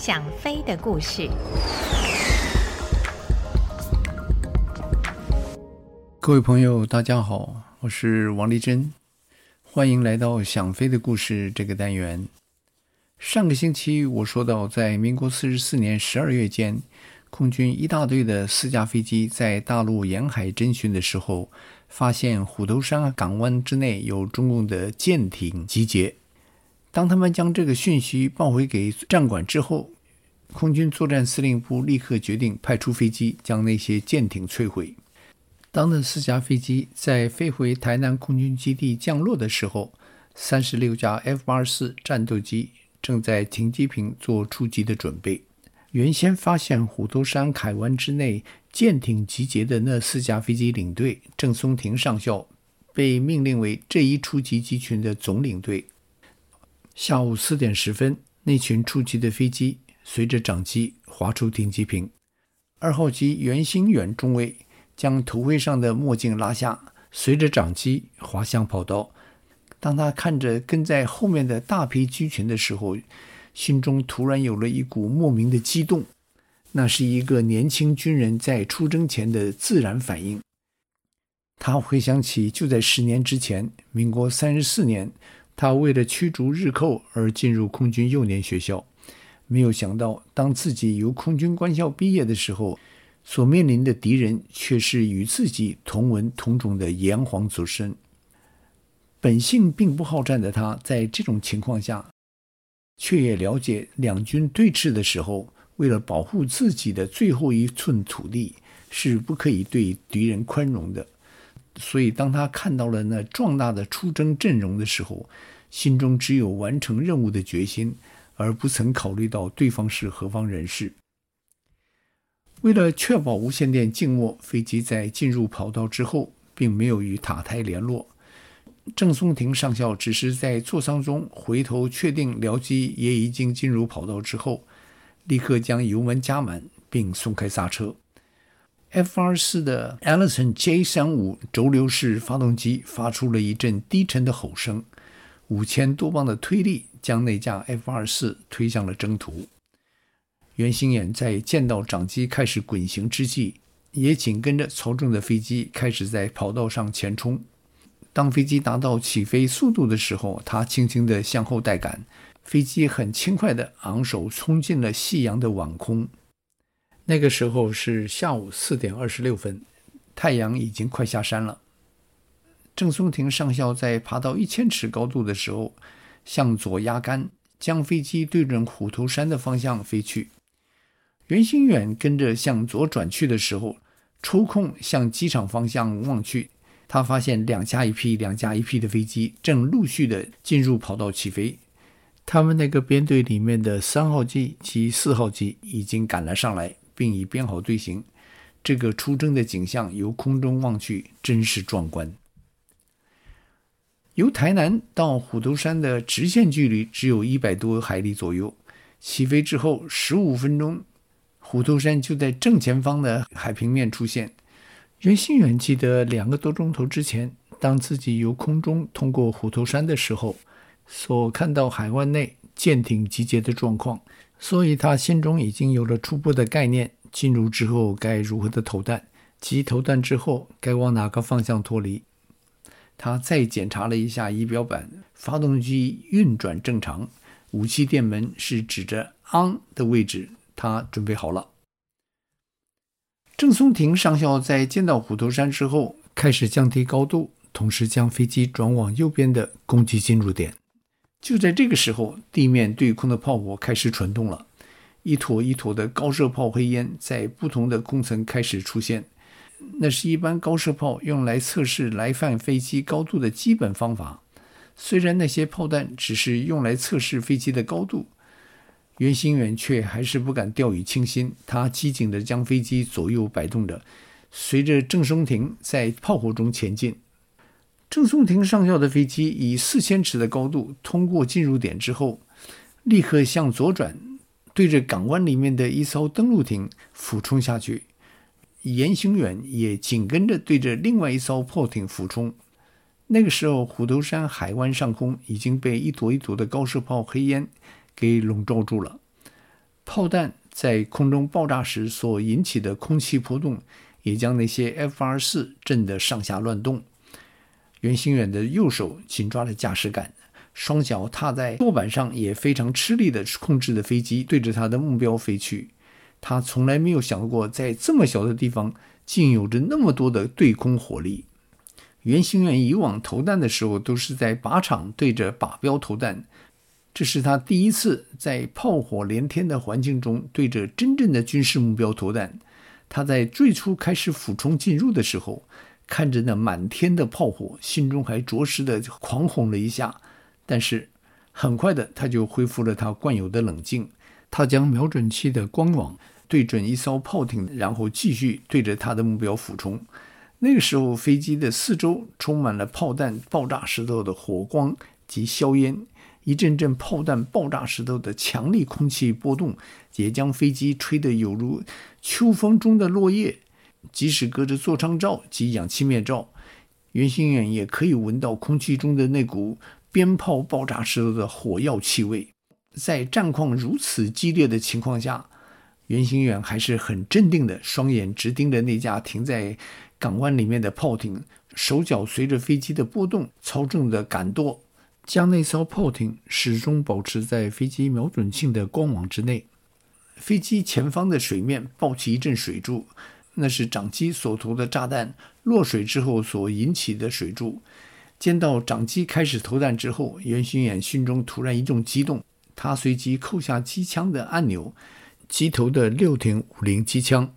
想飛的故事。各位朋友，大家好，我是王麗珍，歡迎來到想飛的故事這個單元。上個星期我說到，在民國四十四年十二月間，空軍一大隊的四架飛機在大陸沿海偵巡的時候，發現虎頭山港灣之內有中共的艦艇集結。當他們將這個訊息報回給戰管之後，空軍作戰司令部立刻決定派出飛機將那些艦艇摧毀。當那四架飛機在飛回台南空軍基地降落的時候，三十六架 F 八四戰鬥機正在停機坪做出擊的準備。原先發現虎頭山海灣之內艦艇集結的那四架飛機領隊鄭松庭上校，被命令為這一出擊機群的總領隊。下午四點十分，那群出擊的飛機隨着長機滑出停機坪。二號機袁星遠中尉將頭盔上的墨鏡拉下，隨着長機滑向跑道。當他看着跟在後面的大批機群的時候，心中突然有了一股莫名的激動。那是一個年輕軍人在出征前的自然反應。他回想起，就在十年之前，民國三十四年。他為了驅逐日寇而進入空軍幼年學校，沒有想到，當自己由空軍官校畢業的時候，所面臨的敵人卻是與自己同文同種的炎黃子孫。本性並不好戰的他，在這種情況下，卻也了解兩軍對峙的時候，為了保護自己的最後一寸土地，是不可以對敵人寬容的。所以，當他看到了那壯大的出征陣容的時候，心中只有完成任務的決心，而不曾考慮到對方是何方人士。為了確保無線電靜默，飛機在進入跑道之後，並沒有與塔台聯絡。鄭松亭上校只是在座艙中回頭確定僚機也已經進入跑道之後，立刻將油門加滿，並鬆開剎車。F-24 的 Allison J-35 軸流式發動機發出了一陣低沉的吼聲，五千多磅的推力將那架 F-24 推向了征途。袁興眼在見到長機開始滾行之際，也緊跟着操縱的飛機開始在跑道上前衝。當飛機達到起飛速度的時候，他輕輕地向後帶桿，飛機很輕快地昂首衝進了夕陽的晚空。那個時候是下午四點二十六分，太陽已經快下山了。鄭松亭上校在爬到一千尺高度的時候，向左壓桿，將飛機對準虎頭山的方向飛去。袁心遠跟着向左轉去的時候，抽空向機場方向望去，他發現兩架一批、兩架一批的飛機正陸續的進入跑道起飛。他們那個編隊裡面的三號機及四號機已經趕了上來。並已編好隊形，這個出征的景象由空中望去，真是壯觀。由台南到虎頭山的直線距離只有一百多海里左右。起飛之後十五分鐘，虎頭山就在正前方的海平面出現。袁新遠記得兩個多鐘頭之前，當自己由空中通過虎頭山的時候，所看到海灣內艦艇集結的狀況。所以，他心中已經有了初步的概念。進入之後該如何的投彈，及投彈之後該往哪個方向脫離？他再檢查了一下儀表板，發動機運轉正常，武器電門是指着 on 的位置，他準備好了。鄭松亭上校在見到虎頭山之後，開始降低高度，同時將飛機轉往右邊的攻擊進入點。就在這個時候，地面對空的炮火開始蠢動了，一坨一坨的高射炮黑煙在不同的空層開始出現。那是一般高射炮用來測試來犯飛機高度的基本方法。雖然那些炮彈只是用來測試飛機的高度，袁心遠卻還是不敢掉以輕心。他機警地將飛機左右擺動着，隨着鄭松亭在炮火中前進。鄭松亭上校的飛機以四千尺的高度通過進入點之後，立刻向左轉，對着港灣裡面的一艘登陸艇俯衝下去。嚴行遠也緊跟着對着另外一艘炮艇俯衝。那個時候，虎頭山海灣上空已經被一朵一朵的高射炮黑煙給籠罩住了。炮彈在空中爆炸時所引起的空氣波動，也將那些 F 二四震得上下亂動。袁興遠的右手緊抓着駕駛桿，雙腳踏在舵板上，也非常吃力地控制着飛機，對着他的目標飛去。他從來沒有想過，在這麼小的地方，竟有着那麼多的對空火力。袁興遠以往投彈的時候，都是在靶場對着靶標投彈，這是他第一次在炮火連天的環境中，對着真正的軍事目標投彈。他在最初開始俯衝進入的時候，看着那滿天的炮火，心中還着實的狂轟了一下，但是很快的他就恢復了他慣有的冷靜。他將瞄準器的光網對準一艘炮艇，然後繼續對着他的目標俯衝。那個時候，飛機的四周充滿了炮彈爆炸石頭的火光及硝煙，一陣陣炮彈爆炸石頭的強力空氣波動，也將飛機吹得猶如秋風中的落葉。即使隔着座艙罩及氧氣面罩，袁新遠也可以聞到空氣中的那股鞭炮爆炸時的火藥氣味。在戰況如此激烈的情況下，袁新遠還是很鎮定的，雙眼直盯着那架停在港灣裡面的炮艇，手腳隨着飛機的波動操縱着桿舵，將那艘炮艇始終保持在飛機瞄準鏡的光網之內。飛機前方的水面爆起一陣水柱。那是長機所投的炸彈落水之後所引起的水柱。見到長機開始投彈之後，袁心遠心中突然一陣激動，他隨即扣下機槍的按鈕，機頭的六挺五零機槍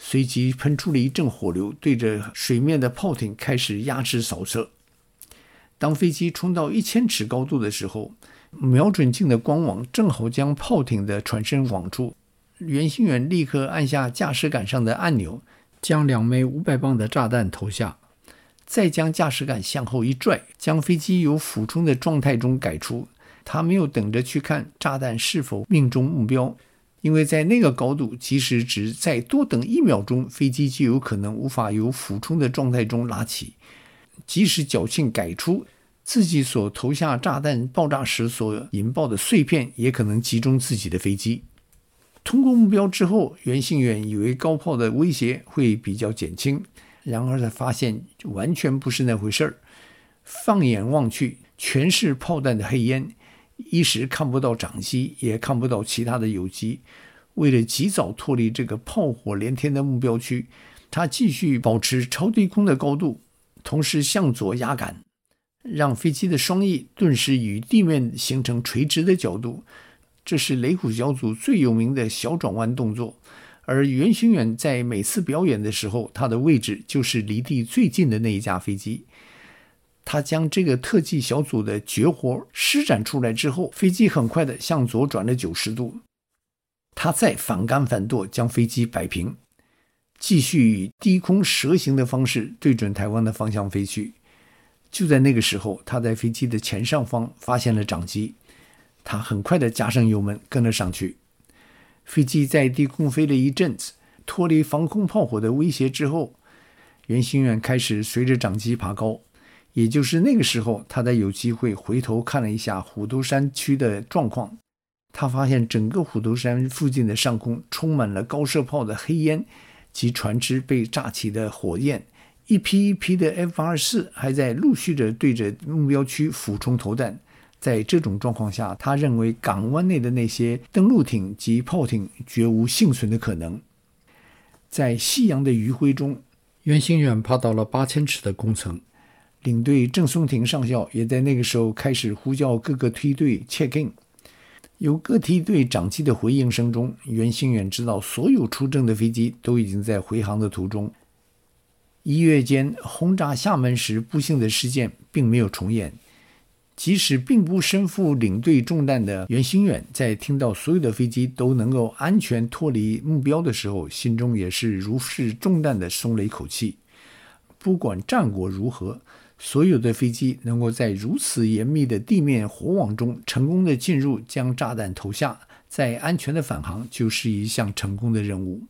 隨即噴出了一陣火流，對着水面的炮艇開始壓制掃射。當飛機衝到一千尺高度的時候，瞄準鏡的光網正好將炮艇的船身網住。袁心遠立刻按下駕駛桿上的按鈕，將兩枚五百磅的炸彈投下，再將駕駛桿向後一拽，將飛機由俯衝的狀態中改出。他沒有等着去看炸彈是否命中目標，因為在那個高度，即使只再多等一秒鐘，飛機就有可能無法由俯衝的狀態中拉起。即使僥幸改出，自己所投下炸彈爆炸時所引爆的碎片，也可能擊中自己的飛機。通過目標之後，袁慶遠以為高炮的威脅會比較減輕，然而他發現完全不是那回事兒。放眼望去，全是炮彈的黑煙，一時看不到長機，也看不到其他的友機。為了及早脫離這個炮火連天的目標區，他繼續保持超低空的高度，同時向左壓桿，讓飛機的雙翼頓時與地面形成垂直的角度。這是雷虎小組最有名的小轉彎動作，而袁行遠在每次表演的時候，他的位置就是離地最近的那一架飛機。他將這個特技小組的絕活施展出來之後，飛機很快地向左轉了九十度。他再反桿反舵將飛機擺平，繼續以低空蛇行的方式對準台灣的方向飛去。就在那個時候，他在飛機的前上方發現了長機。他很快的加上油門，跟了上去。飛機在低空飛了一陣子，脫離防空炮火的威脅之後，袁心遠開始隨着長機爬高。也就是那個時候，他才有機會回頭看了一下虎頭山區的狀況。他發現整個虎頭山附近的上空充滿了高射炮的黑煙及船隻被炸起的火焰，一批一批的 F 二四還在陸續的對着目標區俯衝投彈。在這種狀況下，他認為港灣內的那些登陸艇及炮艇絕無幸存的可能。在夕陽的餘暉中，袁心遠爬到了八千尺的工程，領隊鄭松亭上校也在那個時候開始呼叫各個梯隊 check in。由各梯隊長機的回應聲中，袁心遠知道所有出征的飛機都已經在回航的途中。一月間轟炸廈門時不幸的事件並沒有重演。即使並不身負領隊重擔的袁心遠，在聽到所有的飛機都能夠安全脫離目標的時候，心中也是如釋重擔地鬆了一口氣。不管戰果如何，所有的飛機能夠在如此嚴密的地面火網中成功的進入、將炸彈投下、再安全的返航，就是一項成功的任務。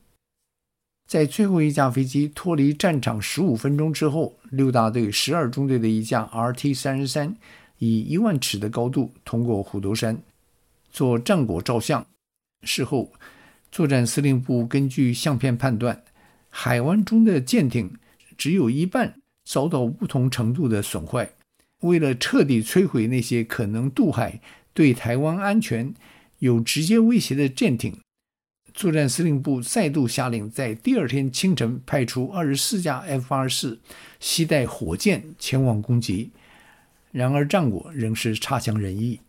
在最後一架飛機脫離戰場十五分鐘之後，六大隊十二中隊的一架 RT 三十三。以一萬尺的高度通過虎頭山做戰果照相。事後，作戰司令部根據相片判斷，海灣中的艦艇只有一半遭到不同程度的損壞。為了徹底摧毀那些可能渡海、對臺灣安全有直接威脅的艦艇，作戰司令部再度下令，在第二天清晨派出二十四架 F-24 攜帶火箭前往攻擊。然而，戰果仍是差強人意。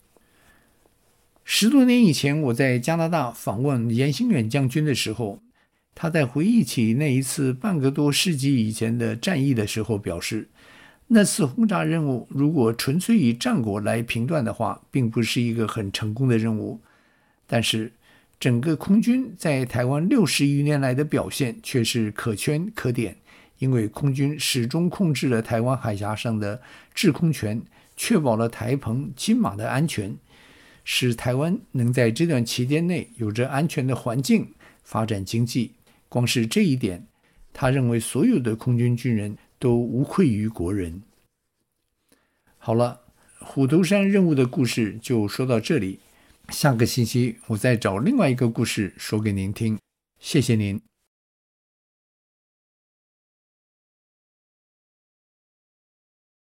十多年以前，我在加拿大訪問閻興遠將軍的時候，他在回憶起那一次半個多世紀以前的戰役的時候，表示，那次轟炸任務如果純粹以戰果來評斷的話，並不是一個很成功的任務。但是，整個空軍在台灣六十餘年來的表現卻是可圈可點，因為空軍始終控制了台灣海峽上的制空權。確保了台澎金馬的安全，使台灣能在這段期間內有着安全的環境發展經濟。光是這一點，他認為所有的空軍軍人都無愧於國人。好了，虎頭山任務的故事就說到這裡，下個星期我再找另外一個故事說給您聽。謝謝您。